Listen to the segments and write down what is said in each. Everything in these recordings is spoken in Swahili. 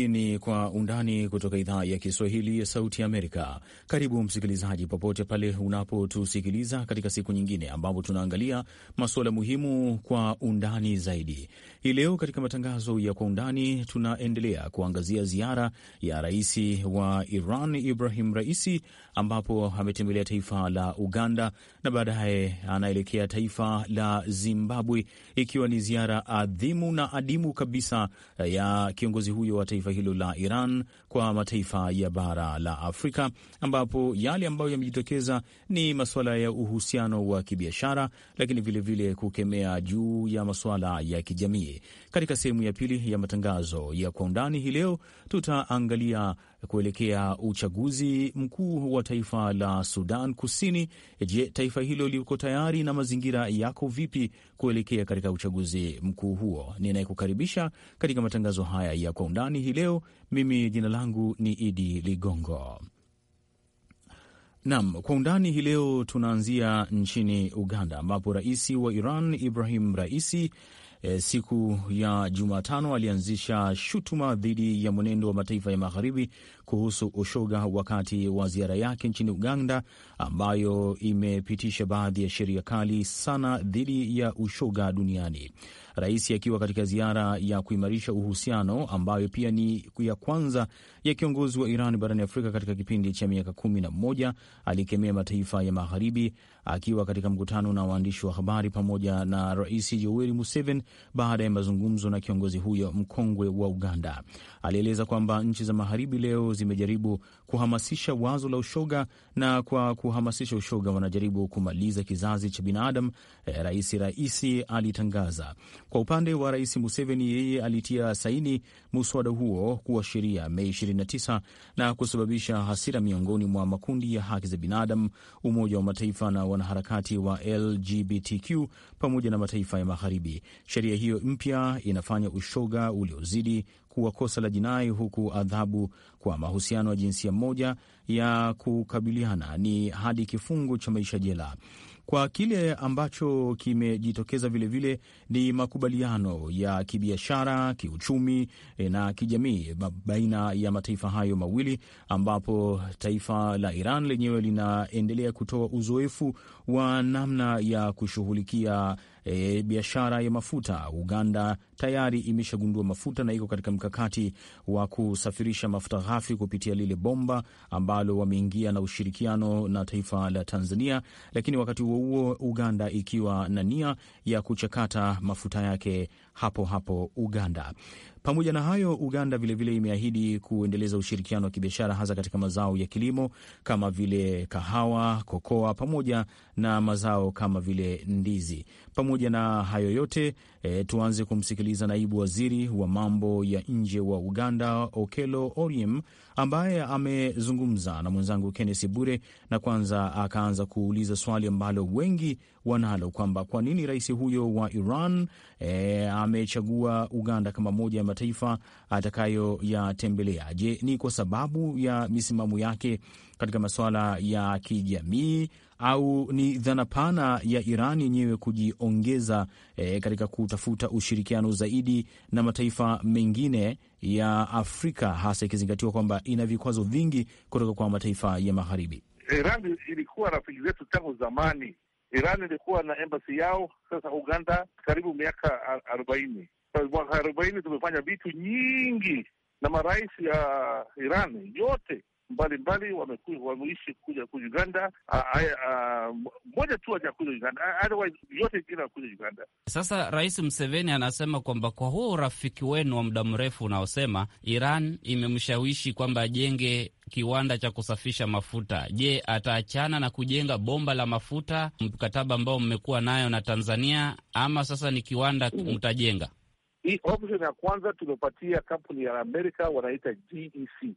Hii ni Kwa Undani kutoka idhaa ya Kiswahili ya Sauti Amerika. Karibu msikilizaji, popote pale unapotusikiliza katika siku nyingine ambapo tunaangalia masuala muhimu kwa undani zaidi. Hii leo katika matangazo ya kwa undani tunaendelea kuangazia ziara ya rais wa Iran Ibrahim Raisi, ambapo ametembelea taifa la Uganda na baadaye anaelekea taifa la Zimbabwe, ikiwa ni ziara adhimu na adimu kabisa ya kiongozi huyo wa taifa hilo la Iran kwa mataifa ya bara la Afrika, ambapo yale ambayo yamejitokeza ni masuala ya uhusiano wa kibiashara, lakini vilevile vile kukemea juu ya masuala ya kijamii. Katika sehemu ya pili ya matangazo ya kwa undani hii leo, tutaangalia kuelekea uchaguzi mkuu wa taifa la Sudan Kusini. Je, taifa hilo liko tayari na mazingira yako vipi kuelekea katika uchaguzi mkuu huo? Ninayekukaribisha katika matangazo haya ya kwa undani hii leo, mimi jina langu ni Idi Ligongo. Nam, kwa undani hii leo tunaanzia nchini Uganda ambapo rais wa Iran Ibrahim Raisi e, siku ya Jumatano alianzisha shutuma dhidi ya mwenendo wa mataifa ya magharibi kuhusu ushoga wakati wa ziara yake nchini Uganda, ambayo imepitisha baadhi ya sheria kali sana dhidi ya ushoga duniani rais akiwa katika ziara ya kuimarisha uhusiano ambayo pia ni ya kwanza ya kiongozi wa Iran barani Afrika katika kipindi cha miaka kumi na moja Alikemea mataifa ya Magharibi akiwa katika mkutano na waandishi wa habari pamoja na Rais Yoweri Museveni baada ya mazungumzo na kiongozi huyo mkongwe wa Uganda alieleza kwamba nchi za magharibi leo zimejaribu kuhamasisha wazo la ushoga na kwa kuhamasisha ushoga wanajaribu kumaliza kizazi cha binadam eh, rais raisi alitangaza. Kwa upande wa Rais Museveni, yeye alitia saini muswada huo kuwa sheria Mei 29 na kusababisha hasira miongoni mwa makundi ya haki za binadam Umoja wa Mataifa na wanaharakati wa LGBTQ pamoja na mataifa ya magharibi. Sheria hiyo mpya inafanya ushoga uliozidi kuwa kosa la jinai, huku adhabu kwa mahusiano ya jinsia moja ya kukabiliana ni hadi kifungo cha maisha jela. Kwa kile ambacho kimejitokeza vilevile ni makubaliano ya kibiashara, kiuchumi eh, na kijamii baina ya mataifa hayo mawili, ambapo taifa la Iran lenyewe linaendelea kutoa uzoefu wa namna ya kushughulikia e, biashara ya mafuta. Uganda tayari imeshagundua mafuta na iko katika mkakati wa kusafirisha mafuta ghafi kupitia lile bomba ambalo wameingia na ushirikiano na taifa la Tanzania, lakini wakati huo huo Uganda ikiwa na nia ya kuchakata mafuta yake hapo hapo Uganda. Pamoja na hayo, Uganda vilevile vile imeahidi kuendeleza ushirikiano wa kibiashara hasa katika mazao ya kilimo kama vile kahawa, kokoa pamoja na mazao kama vile ndizi. Pamoja na hayo yote e, tuanze kumsikiliza naibu waziri wa mambo ya nje wa Uganda Okello Oryem ambaye amezungumza na mwenzangu kennesi Bure, na kwanza akaanza kuuliza swali ambalo wengi wanalo kwamba kwa nini rais huyo wa Iran e, amechagua Uganda kama moja ya mataifa atakayoyatembelea. Je, ni kwa sababu ya misimamo yake katika masuala ya kijamii au ni dhana pana ya Iran yenyewe kujiongeza e, katika kutafuta ushirikiano zaidi na mataifa mengine ya Afrika, hasa ikizingatiwa kwamba ina vikwazo vingi kutoka kwa mataifa ya Magharibi. Iran ilikuwa rafiki zetu tangu zamani, Iran ilikuwa na embassy yao sasa Uganda karibu miaka arobaini. Mwaka arobaini tumefanya vitu nyingi na marais ya Iran yote mbalimbali wameishi kuja kuja Uganda. Moja tu hajakuja Uganda, otherwise yote ingine wakuja Uganda. Sasa Rais Mseveni anasema kwamba kwa huo urafiki wenu wa muda mrefu unaosema Iran imemshawishi kwamba ajenge kiwanda cha kusafisha mafuta. Je, ataachana na kujenga bomba la mafuta, mkataba ambao mmekuwa nayo na Tanzania, ama sasa ni kiwanda mm-hmm. mtajenga? Hii option ya kwanza tumepatia kampuni ya Amerika wanaita GEC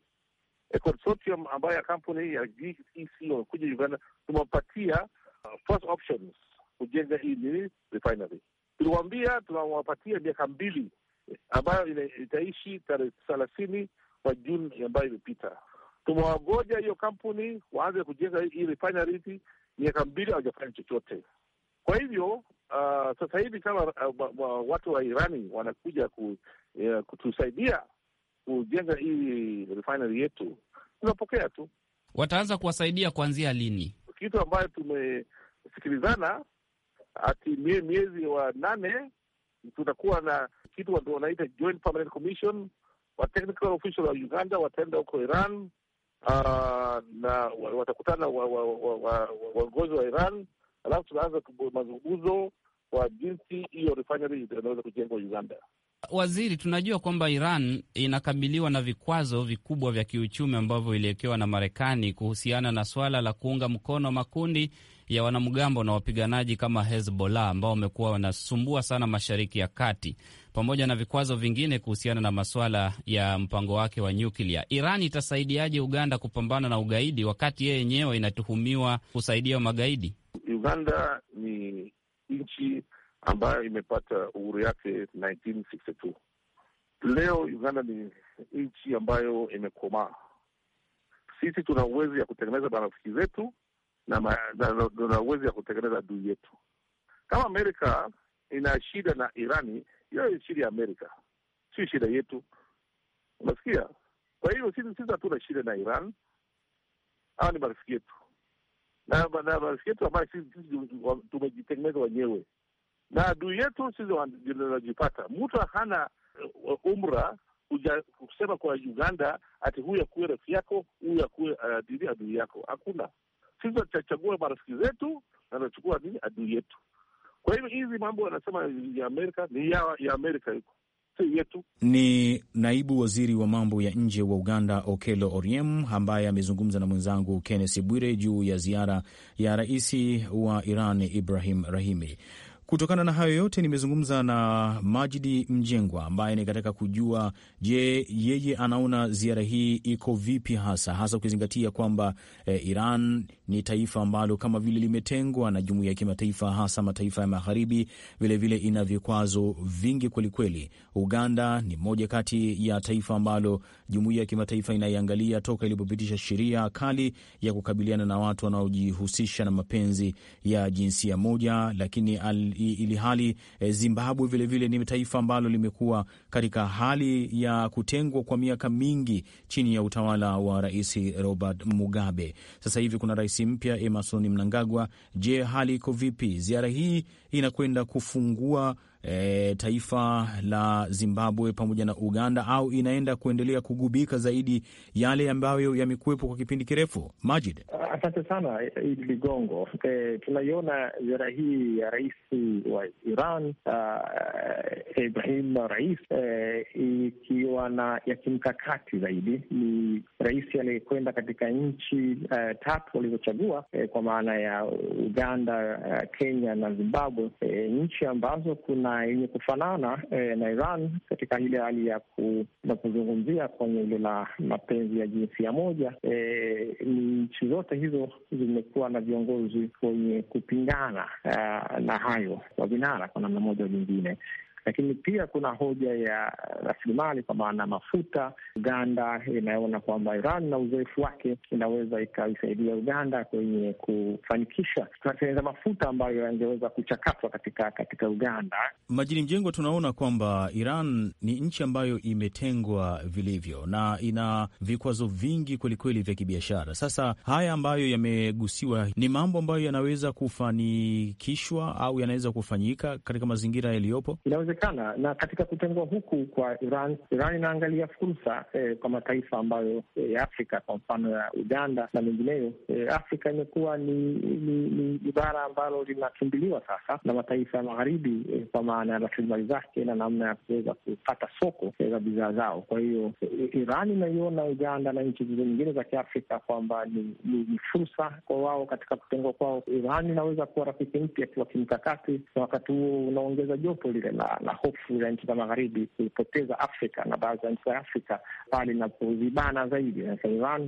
e, consortium ambayo ya kampuni ya GCC e wamekuja Uganda, tumewapatia uh, first options kujenga hii nini refinery. Tuliwaambia tunawapatia miaka mbili eh, ambayo itaishi tarehe thelathini kwa Juni ambayo imepita. Tumewagoja hiyo kampuni waanze kujenga hii refinery, miaka mbili hawajafanya chochote. Kwa hivyo Uh, sasa hivi kama uh, watu wa Irani wanakuja ku, uh, kutusaidia kujenga hii refinery yetu, tunapokea tu. Wataanza kuwasaidia kuanzia lini? Kitu ambayo tumesikilizana ati mie miezi wa nane tutakuwa na kitu wanaita Joint Permanent Commission, wa technical official wa Uganda wataenda huko Iran, uh, na watakutana waongozi wa Iran, alafu tunaanza mazungumzo kwa jinsi hiyo refinery inaweza kujengwa Uganda waziri, tunajua kwamba Iran inakabiliwa na vikwazo vikubwa vya kiuchumi ambavyo iliwekewa na Marekani kuhusiana na swala la kuunga mkono makundi ya wanamgambo na wapiganaji kama Hezbollah ambao wamekuwa wanasumbua sana Mashariki ya Kati, pamoja na vikwazo vingine kuhusiana na maswala ya mpango wake wa nyuklia. Iran itasaidiaje Uganda kupambana na ugaidi wakati yeye yenyewe inatuhumiwa kusaidia magaidi? Uganda ni nchi ambayo imepata uhuru yake 1962. Leo Uganda ni nchi ambayo imekomaa. Sisi tuna uwezo ya kutengeneza marafiki zetu na tuna uwezo ya kutengeneza adui yetu. Kama Amerika ina shida na Irani, hiyo ni shida ya Amerika, si shida yetu. Unasikia? Kwa hiyo sisi sisi hatuna shida na Iran, hawa ni marafiki yetu na marafiki yetu ambayo sisi tumejitengeneza wenyewe na adui yetu sisi linalojipata. Mtu hana uh, umra uja kusema kwa Uganda ati huyu akuwe rafiki yako, huyu akuwe uh, dini adui yako. Hakuna, sisi tutachagua marafiki zetu na tunachukua nini adui yetu. Kwa hivyo hizi mambo wanasema ya Amerika ni ya, ya Amerika iko yetu. Ni naibu waziri wa mambo ya nje wa Uganda Okello Oryem ambaye amezungumza na mwenzangu Kenneth Bwire juu ya ziara ya rais wa Iran Ibrahim Rahimi. Kutokana na hayo yote, nimezungumza na Majidi Mjengwa ambaye ni katika kujua, je, yeye anaona ziara hii iko vipi, hasa hasa ukizingatia kwamba e, Iran ni taifa ambalo kama vile limetengwa na jumuiya ya kimataifa, hasa mataifa ya magharibi. Vilevile ina vikwazo vingi kwelikweli. Uganda ni moja kati ya taifa ambalo jumuiya ya kimataifa inaiangalia toka ilipopitisha sheria kali ya kukabiliana na watu wanaojihusisha na mapenzi ya jinsia moja, lakini al ili hali eh, Zimbabwe vilevile vile ni taifa ambalo limekuwa katika hali ya kutengwa kwa miaka mingi chini ya utawala wa Rais Robert Mugabe. Sasa hivi kuna rais mpya Emerson Mnangagwa. Je, hali iko vipi? Ziara hii inakwenda kufungua e, taifa la Zimbabwe pamoja na Uganda, au inaenda kuendelea kugubika zaidi yale ambayo yamekuwepo kwa kipindi kirefu? Majid, asante sana Idi Ligongo. E, tunaiona ziara hii ya rais wa Iran uh, Ibrahim Rais e, ikiwa na ya kimkakati zaidi. Ni rais aliyekwenda katika nchi uh, tatu walizochagua e, kwa maana ya Uganda, uh, Kenya na Zimbabwe, e, nchi ambazo kuna yenye kufanana eh, na Iran katika ile hali ya kuzungumzia kwenye ile la mapenzi ya jinsia moja. Eh, ni nchi zote hizo zimekuwa na viongozi wenye kupingana eh, na hayo, kwa binara kwa namna moja nyingine lakini pia kuna hoja ya rasilimali, kwa maana mafuta. Uganda inaona kwamba Iran na uzoefu wake inaweza ikaisaidia Uganda kwenye kufanikisha tunatengeneza mafuta ambayo yangeweza kuchakatwa katika katika Uganda. Majini Mjengwa, tunaona kwamba Iran ni nchi ambayo imetengwa vilivyo na ina vikwazo vingi kwelikweli vya kibiashara. Sasa haya ambayo yamegusiwa ni mambo ambayo yanaweza kufanikishwa au yanaweza kufanyika katika mazingira yaliyopo, inaweza inawezekana. Na katika kutengwa huku kwa Iran, Iran inaangalia fursa eh, kwa mataifa ambayo eh, ya eh, Afrika kwa mfano ya Uganda na mengineyo. Eh, Afrika imekuwa ni, ni, ni, ni bara ambalo linakimbiliwa sasa na mataifa ya magharibi eh, kwa maana ya rasilimali zake na namna ya kuweza kupata soko eh, za bidhaa zao. Kwa hiyo eh, Iran inaiona Uganda na nchi nyingine za Kiafrika kwamba ni, ni, ni fursa kwa wao katika kutengwa kwao. Iran inaweza kuwa rafiki mpya kiwa kimkakati, na wakati huo unaongeza joto lile la na hofu za nchi za magharibi kuipoteza Afrika na baadhi ya nchi za Afrika pale inapozibana zaidi, na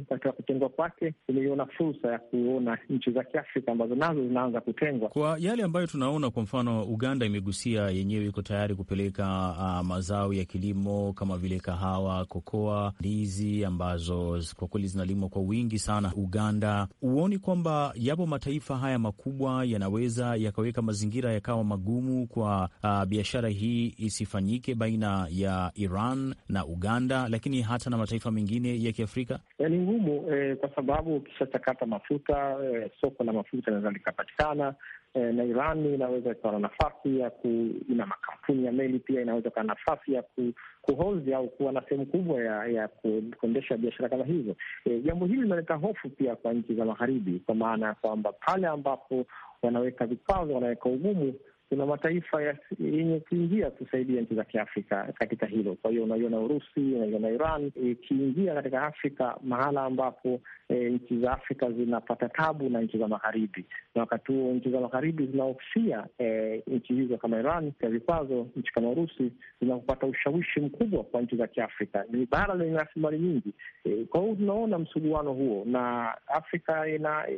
katika kutengwa kwake imeiona fursa ya kuona nchi za Kiafrika ambazo nazo zinaanza kutengwa kwa yale ambayo tunaona. Kwa mfano, Uganda imegusia yenyewe, iko tayari kupeleka uh, mazao ya kilimo kama vile kahawa, kokoa, ndizi ambazo kwa kweli zinalimwa kwa wingi sana Uganda. Huoni kwamba yapo mataifa haya makubwa yanaweza yakaweka mazingira yakawa magumu kwa uh, biashara hii hii isifanyike baina ya Iran na Uganda, lakini hata na mataifa mengine ya Kiafrika? Ni ngumu eh, kwa sababu ukishachakata mafuta eh, soko la mafuta linaweza likapatikana e, na Iran inaweza ikawa na nafasi ya ku, ina makampuni ya meli pia inaweza ikawa na nafasi ya ku, kuhozi au kuwa na sehemu kubwa ya ya kuendesha biashara kama hizo. E, jambo hili linaleta hofu pia kwa nchi za Magharibi, kwa maana ya kwamba pale ambapo wanaweka vikwazo, wanaweka ugumu kuna mataifa yenye kuingia kusaidia nchi za Kiafrika katika hilo. Kwa hiyo unaiona Urusi, unaiona Iran ikiingia e, katika Afrika, mahala ambapo e, nchi za Afrika zinapata tabu na nchi za Magharibi, na wakati huo nchi za Magharibi zinaofia e, nchi hizo kama Iran a vikwazo, nchi kama Urusi zinapata ushawishi mkubwa kwa nchi za Kiafrika. Ni bara lenye rasilimali nyingi e, kwa hiyo tunaona msuguano huo, na Afrika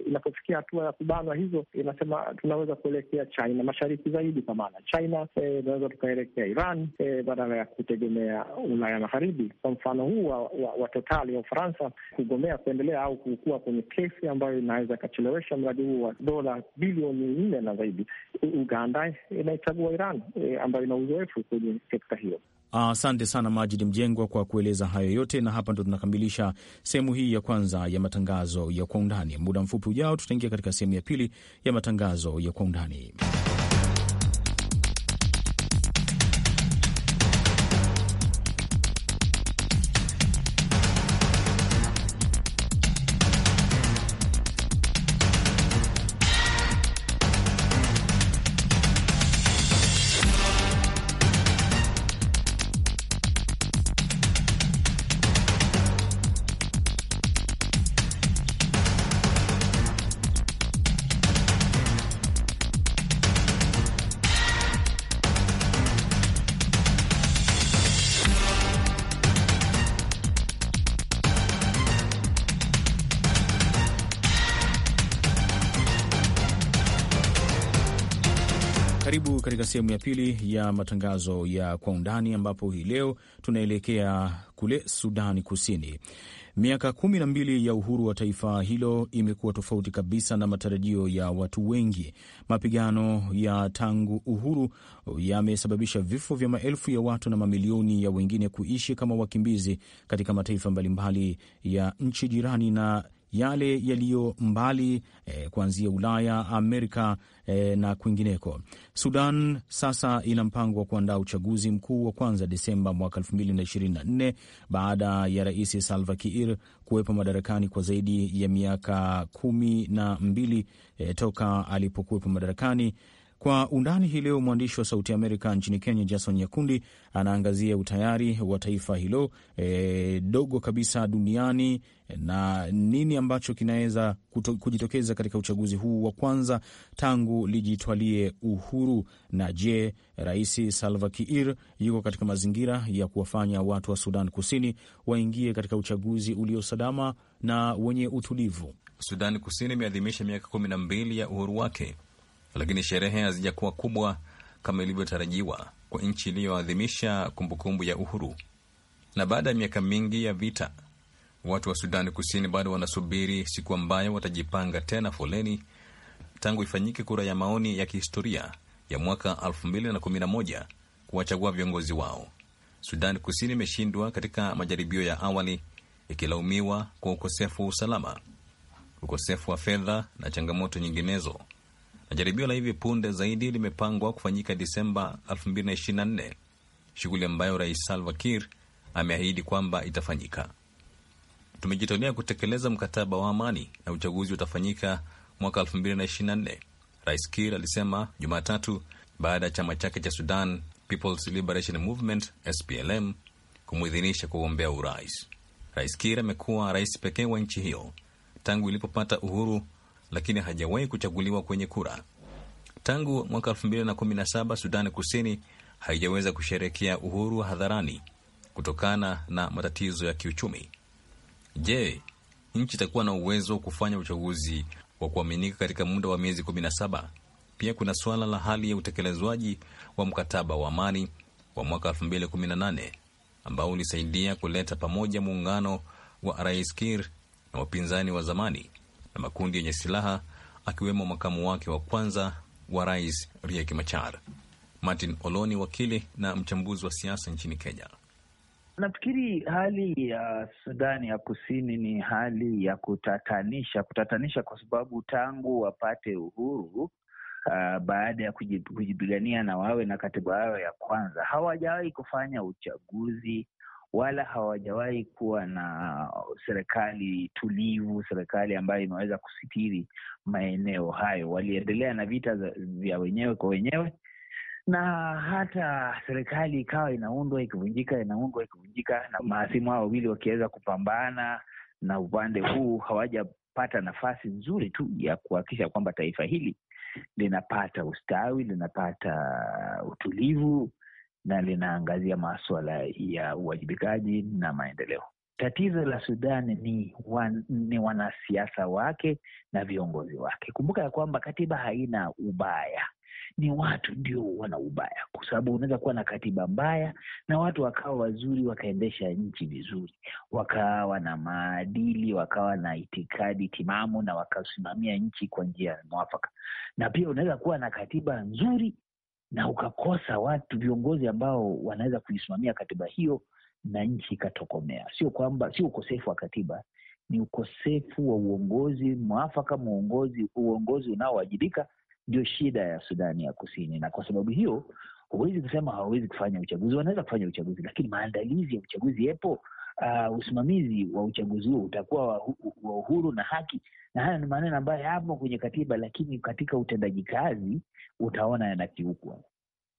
inapofikia ina hatua ya kubanwa hizo, inasema tunaweza kuelekea China mashariki zaidi magharibi kwa maana China, tunaweza eh, e, tukaelekea Iran e, eh, badala ya kutegemea Ulaya magharibi. Kwa mfano huu wa, wa, wa Total ya Ufaransa kugomea kuendelea au kukua kwenye kesi ambayo inaweza ikachelewesha mradi huu wa dola bilioni nne na zaidi. Uganda eh, inaichagua Iran e, ambayo ina uzoefu kwenye sekta hiyo. Asante uh, sana Majid Mjengwa kwa kueleza hayo yote, na hapa ndo tunakamilisha sehemu hii ya kwanza ya matangazo ya kwa undani. Muda mfupi ujao, tutaingia katika sehemu ya pili ya matangazo ya kwa undani. katika sehemu ya pili ya matangazo ya kwa undani, ambapo hii leo tunaelekea kule Sudani Kusini. Miaka kumi na mbili ya uhuru wa taifa hilo imekuwa tofauti kabisa na matarajio ya watu wengi. Mapigano ya tangu uhuru yamesababisha vifo vya maelfu ya watu na mamilioni ya wengine kuishi kama wakimbizi katika mataifa mbalimbali ya nchi jirani na yale yaliyo mbali e, kuanzia Ulaya, Amerika e, na kwingineko. Sudan sasa ina mpango wa kuandaa uchaguzi mkuu wa kwanza Desemba mwaka 2024 baada ya Rais Salva Kiir kuwepo madarakani kwa zaidi ya miaka kumi na mbili e, toka alipokuwepo madarakani kwa undani hii leo, mwandishi wa Sauti Amerika nchini Kenya, Jason Nyakundi anaangazia utayari wa taifa hilo e, dogo kabisa duniani na nini ambacho kinaweza kujitokeza katika uchaguzi huu wa kwanza tangu lijitwalie uhuru, na je, Rais Salva Kiir yuko katika mazingira ya kuwafanya watu wa Sudan Kusini waingie katika uchaguzi uliosalama na wenye utulivu? Sudan Kusini imeadhimisha miaka kumi na mbili ya uhuru wake lakini sherehe hazijakuwa kubwa kama ilivyotarajiwa kwa nchi iliyoadhimisha kumbukumbu ya uhuru. Na baada ya miaka mingi ya vita, watu wa Sudani Kusini bado wanasubiri siku ambayo watajipanga tena foleni tangu ifanyike kura ya maoni ya kihistoria ya mwaka 2011 kuwachagua viongozi wao. Sudani Kusini imeshindwa katika majaribio ya awali, ikilaumiwa kwa ukosefu wa usalama, ukosefu wa fedha na changamoto nyinginezo. Jaribio la hivi punde zaidi limepangwa kufanyika Disemba 2024, shughuli ambayo Rais Salva Kiir ameahidi kwamba itafanyika. Tumejitolea kutekeleza mkataba wa amani na uchaguzi utafanyika mwaka 2024, Rais Kiir alisema Jumatatu baada ya chama chake cha Sudan People's Liberation Movement SPLM kumwidhinisha kugombea urais. Rais Kiir amekuwa rais pekee wa nchi hiyo tangu ilipopata uhuru lakini hajawahi kuchaguliwa kwenye kura. Tangu mwaka 2017 Sudani Kusini haijaweza kusherekea uhuru hadharani kutokana na matatizo ya kiuchumi. Je, nchi itakuwa na uwezo wa kufanya uchaguzi wa kuaminika katika muda wa miezi 17? Pia kuna suala la hali ya utekelezwaji wa mkataba wa amani wa mwaka 2018 ambao ulisaidia kuleta pamoja muungano wa Rais Kir na wapinzani wa zamani na makundi yenye silaha akiwemo makamu wake wa kwanza wa rais Riek Machar. Martin Oloni, wakili na mchambuzi wa siasa nchini Kenya. Nafikiri hali ya Sudani ya Kusini ni hali ya kutatanisha, kutatanisha kwa sababu tangu wapate uhuru Uh, baada ya kujipigania na wawe na katiba yao ya kwanza hawajawahi kufanya uchaguzi wala hawajawahi kuwa na serikali tulivu, serikali ambayo imeweza kusitiri maeneo hayo. Waliendelea na vita vya wenyewe kwa wenyewe, na hata serikali ikawa inaundwa ikivunjika, inaundwa ikivunjika, na mahasimu hao wawili wakiweza kupambana na upande huu hawajapata nafasi nzuri tu ya kuhakikisha kwamba taifa hili linapata ustawi, linapata utulivu na linaangazia maswala ya uwajibikaji na maendeleo. Tatizo la Sudani ni, wan, ni wanasiasa wake na viongozi wake. Kumbuka ya kwamba katiba haina ubaya, ni watu ndio wana ubaya, kwa sababu unaweza kuwa na katiba mbaya na watu wakawa wazuri, wakaendesha nchi vizuri, wakawa na maadili, wakawa na itikadi timamu na wakasimamia nchi kwa njia ya mwafaka. Na pia unaweza kuwa na katiba nzuri na ukakosa watu viongozi ambao wanaweza kuisimamia katiba hiyo na nchi ikatokomea. Sio kwamba sio ukosefu wa katiba, ni ukosefu wa uongozi mwafaka, muongozi uongozi unaowajibika ndio shida ya Sudani ya Kusini, na kwa sababu hiyo huwezi kusema hawawezi kufanya uchaguzi. Wanaweza kufanya uchaguzi, lakini maandalizi ya uchaguzi yepo. Uh, ah, usimamizi wa uchaguzi huo utakuwa wa uhuru na haki, na haya ni maneno ambayo yapo kwenye katiba, lakini katika utendaji kazi utaona yanakiukwa.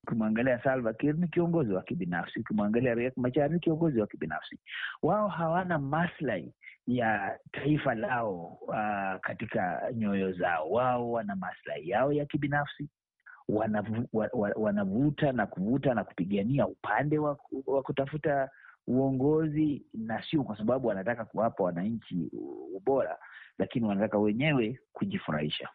Ukimwangalia Salva Kiir ni kiongozi wa kibinafsi, ukimwangalia Riek Machar ni kiongozi wa kibinafsi. Wao hawana maslahi ya taifa lao uh, katika nyoyo zao. Wao wana maslahi yao ya kibinafsi, wanavuta wa, wa, na kuvuta na kupigania upande wa, wa kutafuta uongozi, na sio kwa sababu wanataka kuwapa wananchi ubora, lakini wanataka wenyewe kujifurahisha.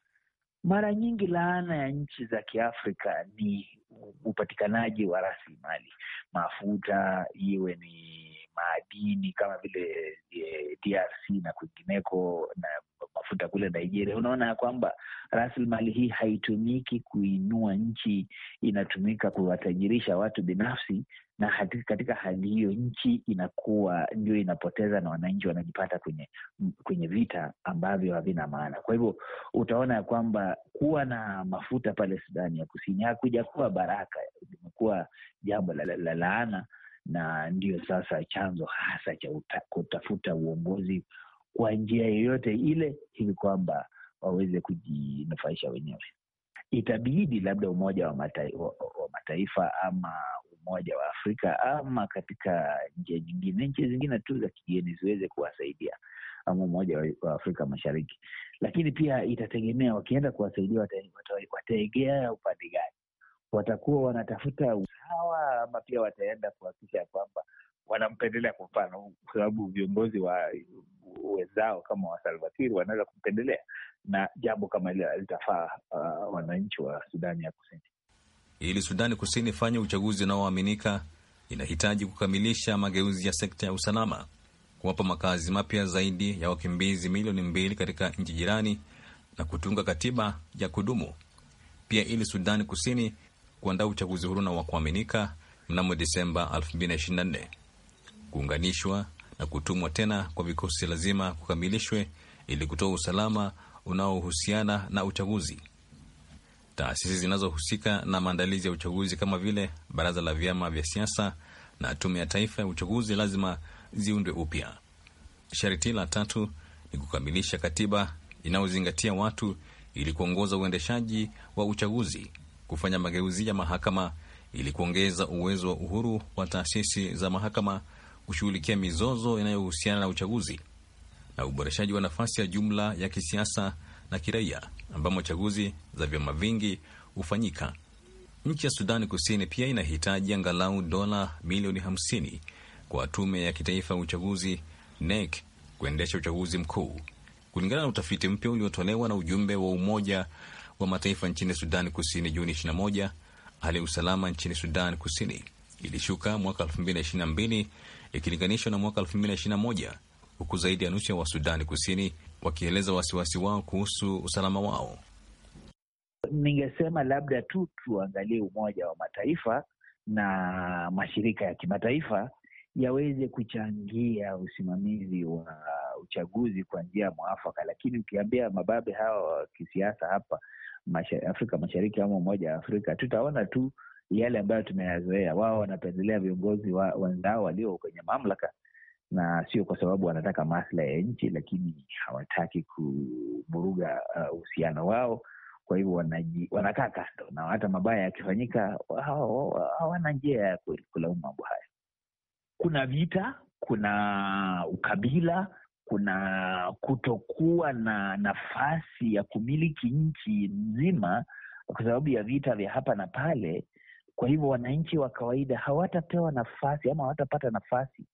Mara nyingi laana ya nchi za Kiafrika ni upatikanaji wa rasilimali, mafuta, iwe ni madini kama vile eh, DRC na kwingineko na mafuta kule Nigeria. Unaona ya kwamba rasilimali hii haitumiki kuinua nchi, inatumika kuwatajirisha watu binafsi na hati, katika hali hiyo nchi inakuwa ndio inapoteza na wananchi wanajipata kwenye kwenye vita ambavyo havina maana. Kwa hivyo utaona ya kwamba kuwa na mafuta pale Sudani ya Kusini hakujakuwa baraka, imekuwa jambo la laana la, la, la, na ndiyo sasa chanzo hasa cha uta, kutafuta uongozi kwa njia yoyote ile hivi kwamba waweze kujinufaisha wenyewe. Itabidi labda Umoja wa, mata, wa, wa Mataifa ama Umoja wa Afrika ama katika njia nyingine, nchi zingine tu za kigeni ziweze kuwasaidia ama Umoja wa Afrika Mashariki. Lakini pia itategemea wakienda kuwasaidia wataegea upande gani, watakuwa wanatafuta usawa ama pia wataenda kuhakikisha kwamba wanampendelea kwa mfano, kwa sababu viongozi wa wenzao kama Wasalvakiri wanaweza kumpendelea, na jambo kama hilo litafaa uh, ah, wananchi wa Sudani ya Kusini ili Sudani Kusini ifanye uchaguzi unaoaminika, inahitaji kukamilisha mageuzi ya sekta ya usalama, kuwapa makazi mapya zaidi ya wakimbizi milioni mbili katika nchi jirani na kutunga katiba ya kudumu. Pia ili Sudani Kusini kuandaa uchaguzi huru na wa kuaminika mnamo Desemba 2024. Kuunganishwa na kutumwa tena kwa vikosi lazima kukamilishwe ili kutoa usalama unaohusiana na uchaguzi taasisi zinazohusika na maandalizi ya uchaguzi kama vile baraza la vyama vya siasa na tume ya taifa ya uchaguzi lazima ziundwe upya. Sharti la tatu ni kukamilisha katiba inayozingatia watu ili kuongoza uendeshaji wa uchaguzi, kufanya mageuzi ya mahakama ili kuongeza uwezo wa uhuru wa taasisi za mahakama, kushughulikia mizozo inayohusiana na uchaguzi na uboreshaji wa nafasi ya jumla ya kisiasa na kiraia ambamo chaguzi za vyama vingi hufanyika. Nchi ya Sudani Kusini pia inahitaji angalau dola milioni 50 kwa tume ya kitaifa ya uchaguzi NEC kuendesha uchaguzi mkuu, kulingana na utafiti mpya uliotolewa na ujumbe wa Umoja wa Mataifa nchini Sudani Kusini Juni 21. Hali ya usalama nchini Sudani Kusini ilishuka mwaka 2022 ikilinganishwa na mwaka 2021, huku zaidi ya nusu ya Wasudani Kusini wakieleza wasiwasi wao kuhusu usalama wao. Ningesema labda tu tuangalie Umoja wa Mataifa na mashirika ya kimataifa yaweze kuchangia usimamizi wa uchaguzi kwa njia ya mwafaka, lakini ukiambia mababe hawa wa kisiasa hapa Afrika Mashariki ama Umoja wa Afrika, tutaona tu yale ambayo tumeyazoea. Wao wanapendelea viongozi wenzao wa, walio kwenye mamlaka na sio kwa sababu wanataka maslahi ya nchi, lakini hawataki kuvuruga uh, uhusiano wao. Kwa hivyo wanakaa kando, na hata mabaya yakifanyika hawana njia ya kulaumu mambo haya. Kuna vita, kuna ukabila, kuna kutokuwa na nafasi ya kumiliki nchi nzima kwa sababu ya vita vya hapa na pale. Kwa hivyo wananchi wa kawaida hawatapewa nafasi ama hawatapata nafasi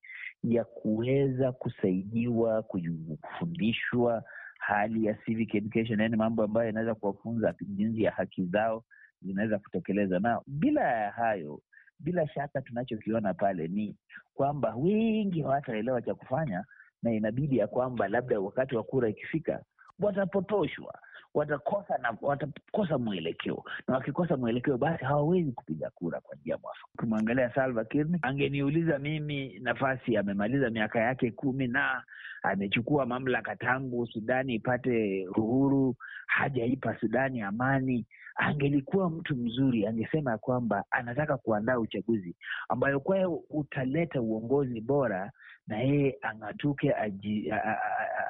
ya kuweza kusaidiwa kufundishwa hali ya civic education, yani mambo ambayo yanaweza kuwafunza jinsi ya haki zao zinaweza kutekeleza. Na bila ya hayo, bila shaka tunachokiona pale ni kwamba wengi hawataelewa cha kufanya, na inabidi ya kwamba labda wakati wa kura ikifika watapotoshwa watakosa na watakosa mwelekeo, na wakikosa mwelekeo, basi hawawezi kupiga kura kwa njia mwafaka. Ukimwangalia Salva Kiir, angeniuliza mimi, nafasi amemaliza miaka yake kumi na amechukua mamlaka tangu Sudani ipate uhuru, hajaipa Sudani amani. Angelikuwa mtu mzuri, angesema kwamba anataka kuandaa uchaguzi ambayo kwayo utaleta uongozi bora, na yeye ang'atuke aji, a, a, a,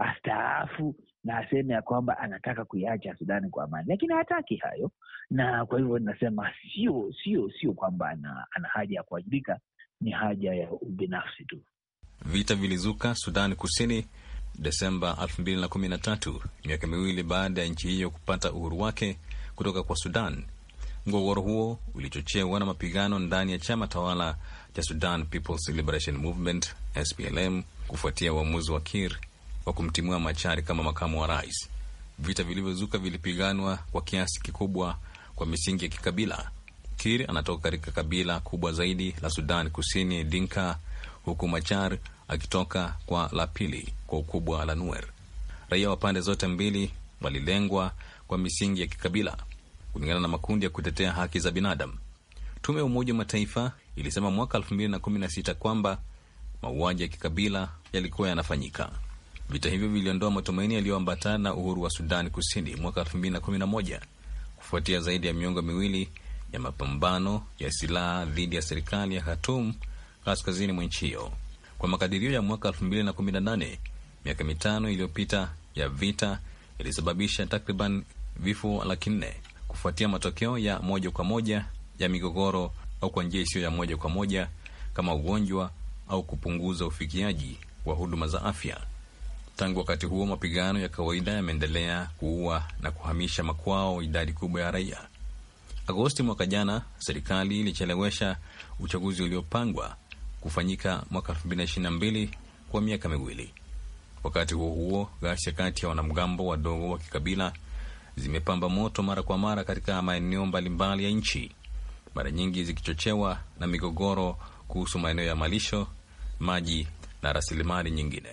astaafu na aseme ya kwamba anataka kuiacha Sudani kwa amani, lakini hataki hayo, na kwa hivyo inasema sio sio sio kwamba ana, ana haja ya kuwajibika, ni haja ya ubinafsi tu. Vita vilizuka Sudan Kusini Desemba 2013 miaka miwili baada ya nchi hiyo kupata uhuru wake kutoka kwa Sudan. Mgogoro huo ulichochewa na mapigano ndani ya chama tawala cha Sudan People's Liberation Movement SPLM kufuatia uamuzi wa Kir wa kumtimua Machari kama makamu wa rais. Vita vilivyozuka vilipiganwa kwa kiasi kikubwa kwa misingi ya kikabila. Kir anatoka katika kabila kubwa zaidi la Sudan Kusini, Dinka, huku Machar akitoka kwa la pili kwa ukubwa la Nuer. Raia wa pande zote mbili walilengwa kwa misingi ya kikabila, kulingana na makundi ya kutetea haki za binadamu. Tume ya Umoja wa Mataifa ilisema mwaka 2016 kwamba mauaji ya kikabila yalikuwa yanafanyika. Vita hivyo viliondoa matumaini yaliyoambatana na uhuru wa Sudan Kusini mwaka 2011 kufuatia zaidi ya miongo miwili ya mapambano ya silaha dhidi ya serikali ya Khartoum kaskazini mwa nchi hiyo. Kwa makadirio ya mwaka 2018, miaka mitano iliyopita ya vita ilisababisha takriban vifo laki nne kufuatia matokeo ya moja kwa moja ya migogoro au kwa njia isiyo ya moja kwa moja kama ugonjwa au kupunguza ufikiaji wa huduma za afya. Tangu wakati huo mapigano ya kawaida yameendelea kuua na kuhamisha makwao idadi kubwa ya raia. Agosti mwaka jana, serikali ilichelewesha uchaguzi uliopangwa kufanyika mwaka 2022 kwa miaka miwili. Wakati huo huo, ghasia kati ya wanamgambo wadogo wa kikabila zimepamba moto mara kwa mara katika maeneo mbalimbali ya nchi, mara nyingi zikichochewa na migogoro kuhusu maeneo ya malisho, maji na rasilimali nyingine.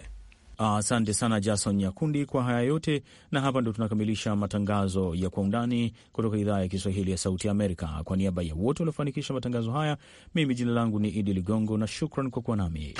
Asante uh, sana Jason Nyakundi kwa haya yote, na hapa ndo tunakamilisha matangazo ya kwa undani kutoka idhaa ya Kiswahili ya Sauti ya Amerika. Kwa niaba ya wote waliofanikisha matangazo haya, mimi jina langu ni Idi Ligongo na shukran kwa kuwa nami.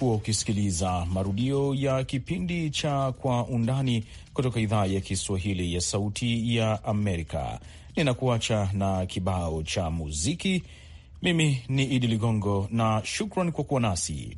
Ulikuwa ukisikiliza marudio ya kipindi cha Kwa Undani kutoka idhaa ya Kiswahili ya Sauti ya Amerika. Ninakuacha na kibao cha muziki. Mimi ni Idi Ligongo na shukran kwa kuwa nasi.